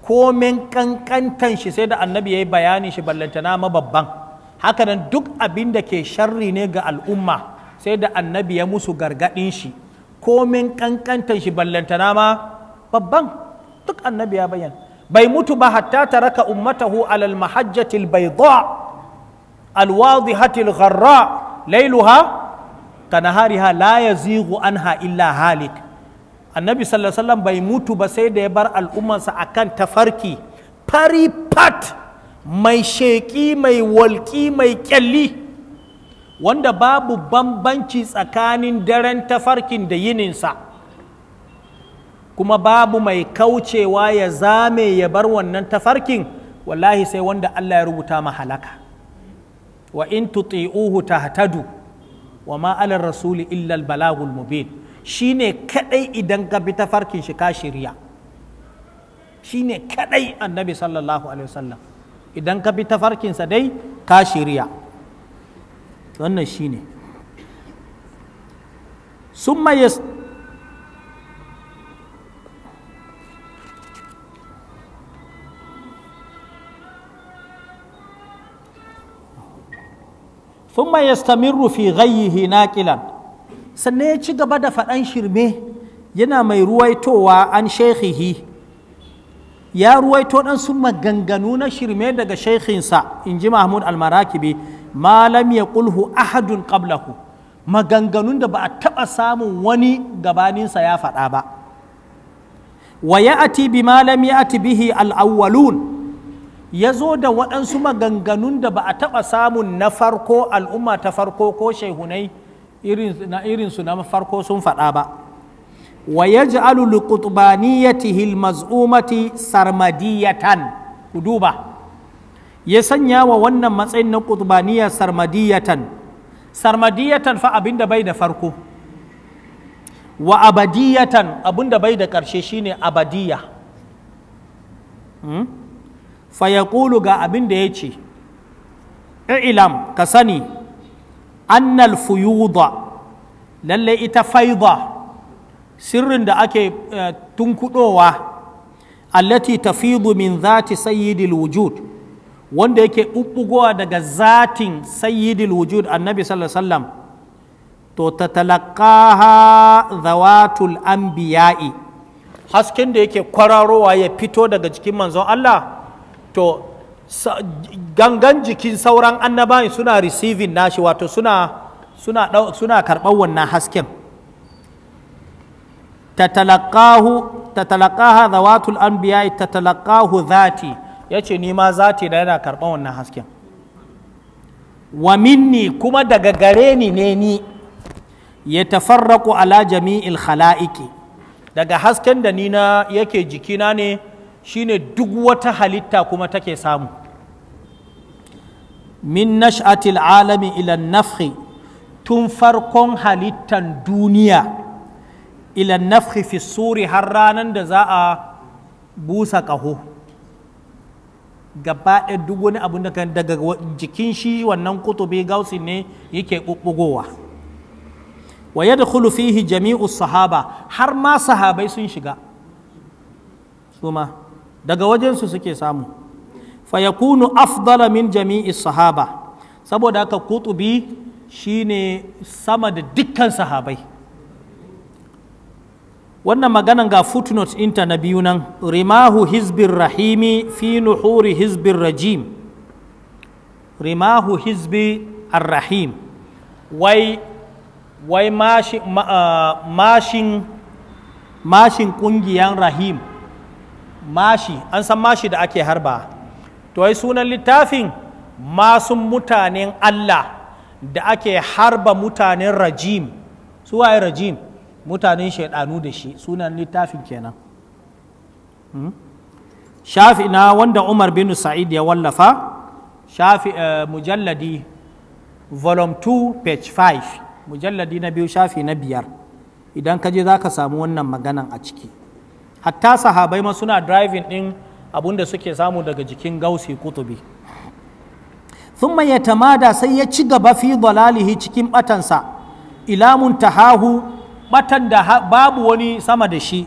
komen kankantan shi sai da annabi ya yi bayanin shi ballantana mababban hakanan duk abin da ke sharri ne ga al'umma sai da annabi ya musu gargaɗin shi komen kankantan shi ballantana ma babban duk annabi ya bayyana bai mutu ba hatta taraka ummatahu alal mahajjatil bayda alwadihatil gharra lailuha kanahariha la yazighu anha illa halik annabi sallallahu alaihi bai mutu ba sai da ya bar al'ummarsa akan tafarki fari pat mai sheƙi mai walƙi mai ƙyalli wanda babu bambanci tsakanin daren tafarkin da yininsa kuma babu mai kaucewa ya zame ya bar wannan tafarkin wallahi sai wanda Allah ya rubuta ma halaka wa in tuti'uhu tahtadu wa ma ala rasuli illa al balagul mubin shine kadai idan ka bi tafarkin shi ka shirya shine kadai annabi sallallahu alaihi wasallam idan ka bi sa dai ka shirya wannan shine summa yas ثم يستمر في غيه ناقلا sannan ya ci gaba da faɗan shirme yana mai ruwaitowa an shekhihi ya ruwaito ɗan maganganu na shirme daga shekhinsa in ji mahmud almarakibi malam ya ƙulhu ahadun qablahu maganganun da ba a taɓa samun wani gabaninsa ya faɗa ba wa ya ati bi malam ya ati bihi al'awwalun ya zo da waɗansu maganganun da ba a taɓa samun na farko al'umma ta farko ko shehunai na irinsu na farko sun faɗa ba wa ya liqutbaniyatihi mazumati sarmadiyatan ku duba ya sanya wa wannan matsayin na kutubaniya sarmadiyatan sarmadiyatan fa abin da bai da farko wa abadiyatan da bai da ƙarshe shine abadiya hmm? fa ya ga da ya ce ilam ka sani annal fuyuda lalle ita faida sirrin da ake tunkudowa allati tafidu min zati sayyidil wujud wanda yake ɓuɓɓugowa daga zatin sayyidil wujud annabi sallallahu to wasallam to tatalaqaha zawatul anbiya'i hasken da yake kwararowa ya fito daga jikin manzon Allah to gangan jikin sauran annabawan suna receiving nashi wato suna suna suna karɓar wannan hasken tatalaqahu tatalaqaha zawatul anbiya tatalaqahu zati yace ni ma zati da yana karɓar wannan hasken wa minni kuma daga gare ni ne ni ya tafarraku ala jami'il khala'iqi daga hasken da ni na yake jikina ne shine duk wata halitta kuma take samu min nash'atil alami ila nafhi tun farkon halittan duniya ila nafhi fi suri har ranar da za a busa ƙaho gaba ɗaya duk wani abu daga jikin shi wannan kutubi gausi ne yake ɓuɓɓugowa wa ya fihi jami'u sahaba har ma sahabai sun shiga su ma daga wajensu suke samu fayakunu afdala min jami'i sahaba saboda haka kutubi shine sama da dukkan sahabai wannan maganan ga footnote inta na biyu nan rimahu hizbin rahimi fi nuhuri hizbin rajim rimahu hizbi arrahim wai wai ah, mashin mashin kungiyan rahim mashi an san mashi da ake harba to ai sunan littafin masu mutanen Allah da ake harba mutanen rajim su waye rajim mutanen shaidanu da shi sunan littafin kenan hmm? shafi na wanda umar bin sa'id ya wallafa shafi eh, mujalladi volume 2 page 5 mujalladi na biyu shafi na biyar idan kaje zaka samu wannan maganan a ciki hatta sahabai ma suna driving din abun da suke samu daga jikin gausi kutubi thumma ya tamada sai ya ci gaba fi dalalihi cikin batansa ilamun tahahu batan da babu wani sama da shi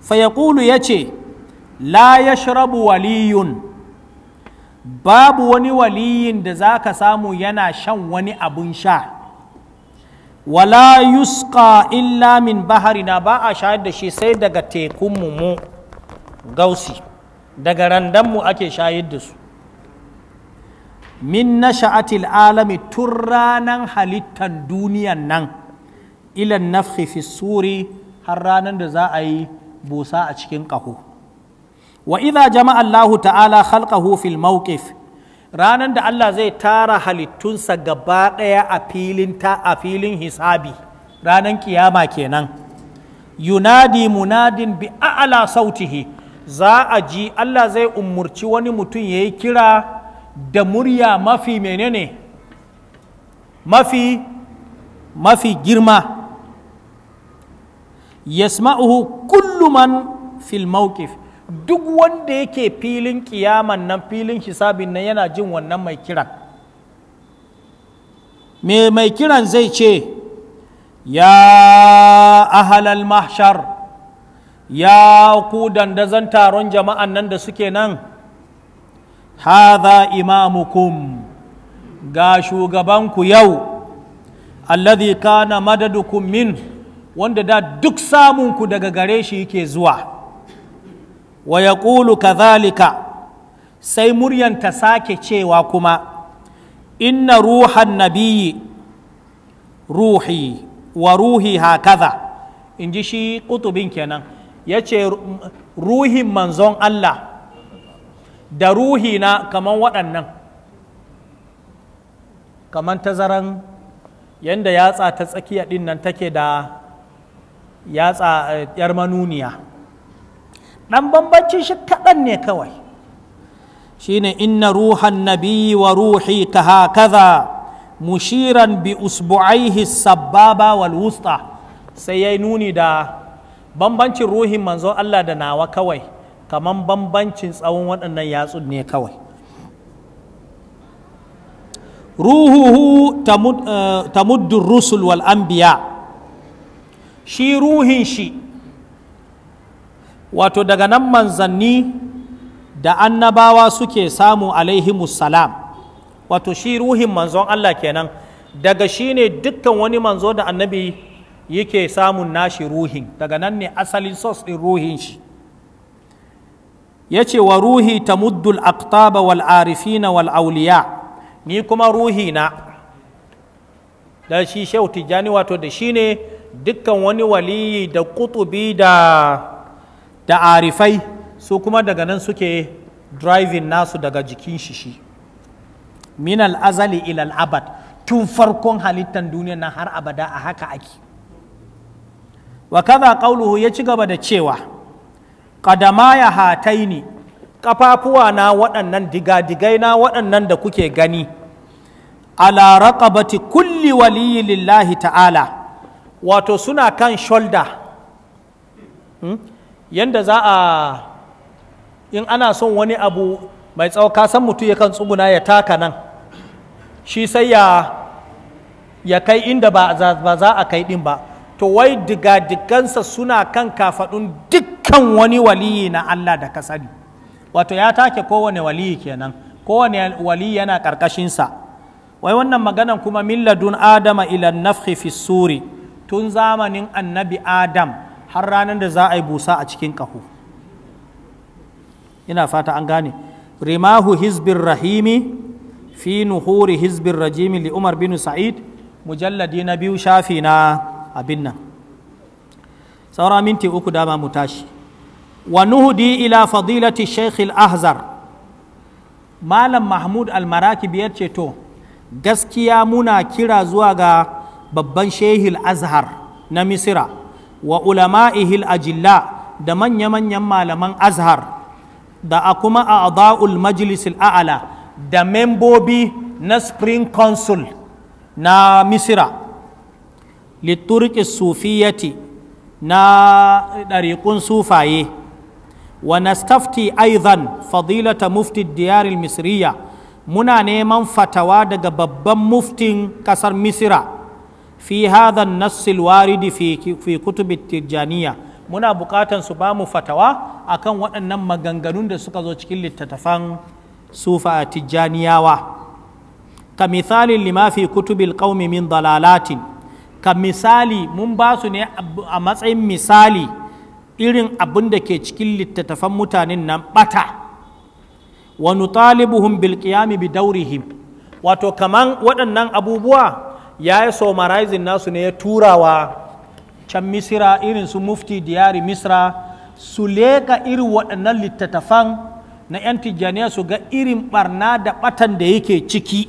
fa yaqulu yace la yashrabu waliyun babu wani waliyin da zaka samu yana shan wani abun sha wala yusqa illa min baharina ba a shayar da shi sai daga tekunmu mu gausi daga randanmu ake shayar da su min nasha'atil alami tun ranar halittar duniyan nan ilan nafhi fi har ranar da za a yi busa a cikin ƙaho wa iza jama'a Allahu ta'ala khalqahu fil mawqif ranan da Allah zai tara halittunsa gaba ɗaya a filin ta a filin hisabi ranan kiyama kenan yunadi munadin bi a'ala sautihi za a ji Allah zai umurci wani mutum ya yi kira da murya mafi menene mafi mafi girma yasma'uhu kullu man fil mawqif duk wanda yake filin kiyaman nan filin hisabin nan yana jin wannan mai kiran me mai kiran zai ce ya ahalal mahshar ya ku dandazon taron jama'an nan da suke nan haza imamukum ga shugabanku yau alladhi kana madadukum min wanda da duk samunku daga gare shi yake zuwa wa ya ƙulu kazalika sai muryan ta sake cewa kuma inna ruhan nabiyi ruhi wa ruhi hakaza in ji shi ƙutubin kenan ya ce ruhin manzon Allah da ruhi na kamar waɗannan kaman tazaran yadda yatsa ta tsakiya ɗin nan take da yatsa eh, 'yar manuniya ɗan bambancin shi kaɗan ne kawai shine inna ruhan nabiyyi wa ruhi ka hakaza mushiran bi usbu'aihi sababa wal wusta sai yayi nuni da bambancin ruhin manzon Allah da nawa kawai kamar bambancin tsawon waɗannan yatsun ne kawai ruhuhu eh, tamuddu rusul walambiya shi ruhin shi wato daga nan manzanni da annabawa suke samu salam. wato shi ruhin manzon Allah kenan daga shi ne dukkan wani manzo da annabi yake samun nashi ruhin daga nan ne asalin sos ɗin ruhin shi ya ce wa ruhi ta muddul aktaba wal arifina wal auliya ni kuma ruhi na da shi shehu wato da shi ne dukkan wani waliyi da kutubi da da arifai su kuma daga nan suke driving nasu daga jikin shishi minal azali ilal abad tun farkon halittar duniya na har abada a haka ake wa kaza qauluhu ya ci gaba da cewa ya hatai ne kafafuwa na waɗannan digadigai na waɗannan da kuke gani ala raqabati kulli waliyi lillahi ta'ala wato suna kan shoulder hmm? yanda za a in ana son wani abu mai tsawo san san mutum kan tsuguna ya taka nan shi sai ya ya kai inda ba za a kai din ba to wai diga digadigansa suna kan kafaɗun dukkan wani waliyi na Allah da ka sani wato ya take kowane waliyi kenan kowane waliyi yana ƙarƙashinsa wai wannan maganan kuma milladun adama ila nafhi fi suri tun zamanin annabi adam har ranar da za a yi busa a cikin ƙaho ina fata an gane rimahu hizbin rahimi fi nuhuri hizbin rajimi li umar bin sa'id mujalladi na biyu shafi na abin nan saura minti uku dama mu tashi wa nuhudi ila fadilati sheikh al-ahzar malam mahmud al-maraki biyar ce to gaskiya muna kira zuwa ga babban shehil azhar na misira wa ulama'ihil ajilla da manya-manyan malaman azhar da a kuma a adha'ul majlisil a'ala da membobi na spring council na misira litturki sufiyati na ɗariƙun sufaye wa nastafti aizan fadilata mufti diyaril misriya muna neman fatawa daga babban muftin ƙasar misira fi hadha nassil waridi fi kutubi tijjaniya muna bukatan su bamu fatawa akan waɗannan maganganun da suka zo cikin littattafan sufa tijjaniyawa ka misali lima fi kutubil qaumi min dalalatin ka misali mun ba su ne a matsayin misali irin abin da ke cikin littattafan mutanen nan bata wa nutalibuhum bil qiyami bi daurihim wato kaman waɗannan abubuwa ya yi somarizing nasu ne ya turawa can misira irin su mufti diyari misra su leka irin waɗannan littattafan na 'yan tijjaniya su ga irin barna da ɓatan da yake ciki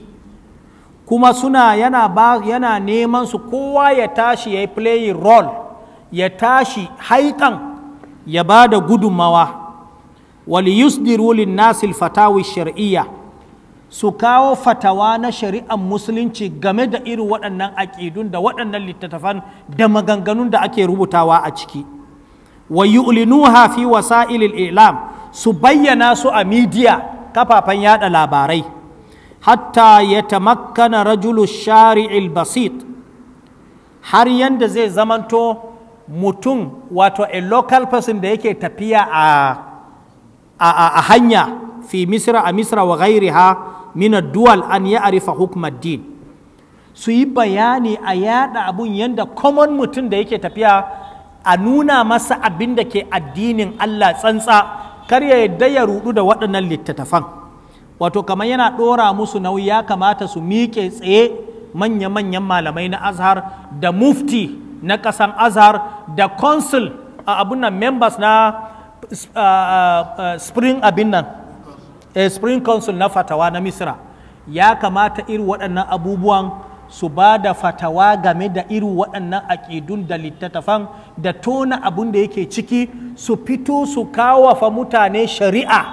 kuma suna yana, ba, yana neman su kowa ya tashi ya yi playing role ya tashi haikan ya ba da gudunmawa wali yusdiru lin nasil fatawi shar'iyya su kawo fatawa na shari'ar musulunci game da irin waɗannan aƙidun da waɗannan littattafan da maganganun da ake rubutawa a ciki wa yu'linuha fi wasa'ilil ilam su bayyana su a midiya kafafen yada labarai hatta ya tamakkana rajulu shari'il basit har yanda zai zamanto mutum wato a local person da yake tafiya a hanya fi misra a misra wa ghairiha min dual an ya'rifa hukumar din su yi bayani a yada abun yanda common mutum da yake tafiya a nuna masa abin da ke addinin Allah tsantsa kar ya yadda ya rudu da waɗannan littattafan wato kamar yana ɗora musu nauyi ya kamata su miƙe tsaye manya-manyan malamai na azhar da mufti na ƙasan azhar da consul a abin nan members na spring abin nan Eh, spring council na fatawa na misra ya kamata irin waɗannan abubuwan su ba da fatawa game da irin waɗannan aƙidun da littattafan da tona abin da yake ciki su fito su kawafa mutane shari'a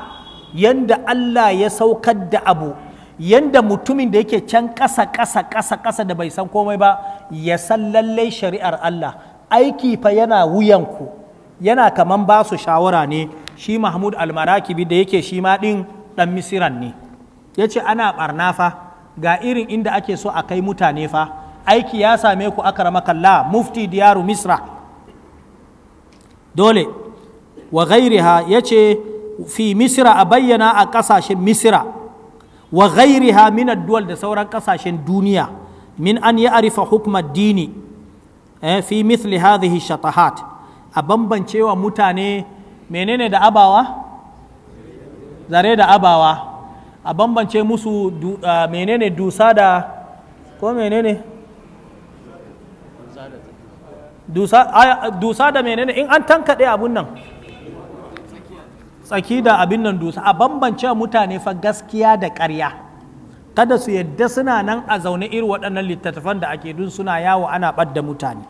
yanda Allah ya saukar da abu yanda mutumin da yake can ƙasa ƙasa ƙasa ƙasa da bai san komai ba ya san lallai shari'ar Allah aiki fa yana wuyanku yana kaman ba su shawara ne shi Mahmud Almarakibi da yake shi ma ɗin ɗan misiran ne ya ce ana ɓarna fa ga irin inda ake so a kai mutane fa aiki ya same ku aka ramakalla mufti diyaru misra dole wa ghairiha ya ce fi misira a bayyana a ƙasashen misira wa ghairiha min duwal da sauran ƙasashen duniya min an ya arifa hukumar dini eh, fi misli hadhihi shatahat a bambancewa mutane menene da abawa zare da abawa a bambance musu menene dusa da ko menene dusa da menene in an tankaɗe abun nan tsaki da abin nan dusa a bambance mutane fa gaskiya da karya kada su yadda suna nan a zaune irin waɗannan littattafan da ake dun suna yawo ana ɓadda mutane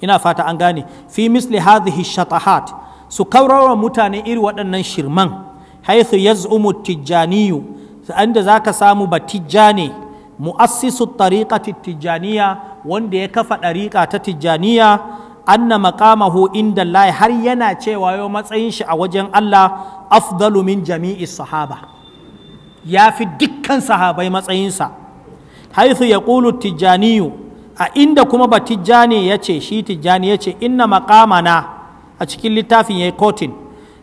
ina fata an gane fi misli hadhihi shatahat su kaurawa mutane iri waɗannan shirman haythu yaz'umu tijjaniyu za zaka samu batijjani mu'assisu tariqati tijjaniya wanda ya kafa ɗariƙa ta tijjaniya anna maqamahu inda Allah har yana cewa yau matsayin shi a wajen Allah afdalu min jami'i sahaba ya fi dukkan sahabai matsayinsa haithu ya ƙulu tijjaniyu a inda kuma ba tijjani ya ce shi tijjani ya ce makama na a cikin littafin ya yi kotin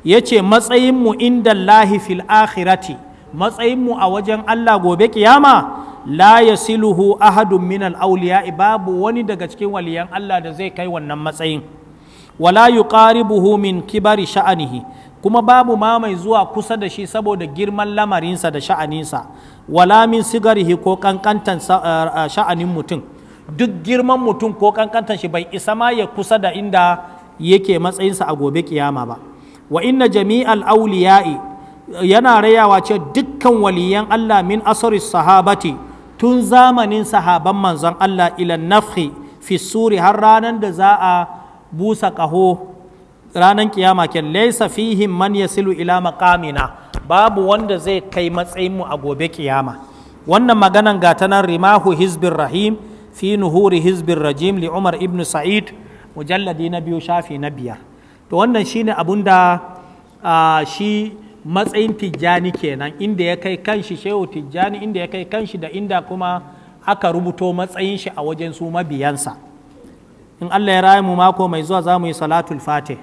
ya ce matsayinmu inda lahi fil akhirati matsayinmu a wajen Allah gobe kiyama la yasiluhu ahadun min al-awliya babu wani daga cikin waliyan Allah da zai kai wannan matsayin wala yuqaribuhu min kibari sha'anihi kuma babu ma mai zuwa kusa da shi saboda girman lamarinsa da sha'aninsa wala min sigarihi ko kankantan eh, eh, sha'anin mutum duk girman mutum ko kankantan shi bai isa ma ya kusa da inda yake matsayinsa a gobe kiyama ba wa inna jami'al auliya'i yana rayawa ce dukkan waliyan Allah min asari sahabati tun zamanin sahaban manzon Allah ila nafhi fi suri har ranar da za a busa ƙaho ranar kiyama ken laisa fihim man yasilu ila maqamina babu wanda zai kai matsayin mu a gobe kiyama wannan maganan gatanan rimahu hizbir rahim fi nuhuri hizbir rajim li umar ibn sa'id mujalladi na biyu shafi na biyar to wannan shine abun da shi matsayin tijjani kenan inda ya kai kanshi shehu tijjani inda ya kai kanshi da inda kuma aka rubuto matsayin shi a wajen su mabiyansa in Allah ya raya mu mako mai zuwa za mu yi salatul fatih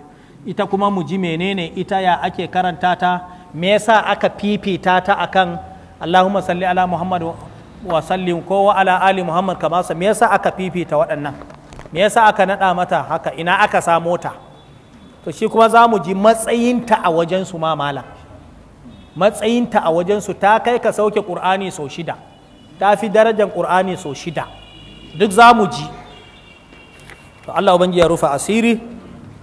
ita kuma mu ji menene ita ya ake karanta ta me yasa aka fifita ta akan Allahumma salli ala Muhammad wa sallim ko wa ala ali Muhammad kama sa me yasa aka fifita waɗannan me yasa aka nada mata haka ina aka samo ta to shi kuma za mu ji matsayinta a wajensu ma malam matsayinta a wajensu ta kai ka sauke ƙur'ani sau shida ta fi darajar ƙur'ani sau shida duk za mu ji to Allah ubangi ya rufa asiri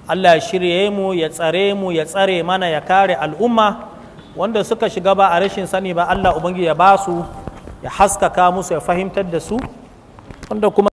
Allah ya shirye mu ya tsare mu ya tsare mana ya kare al'umma wanda suka shiga ba a rashin sani ba Allah ubangi ya ba su ya haskaka musu ya fahimtar da su wanda kuma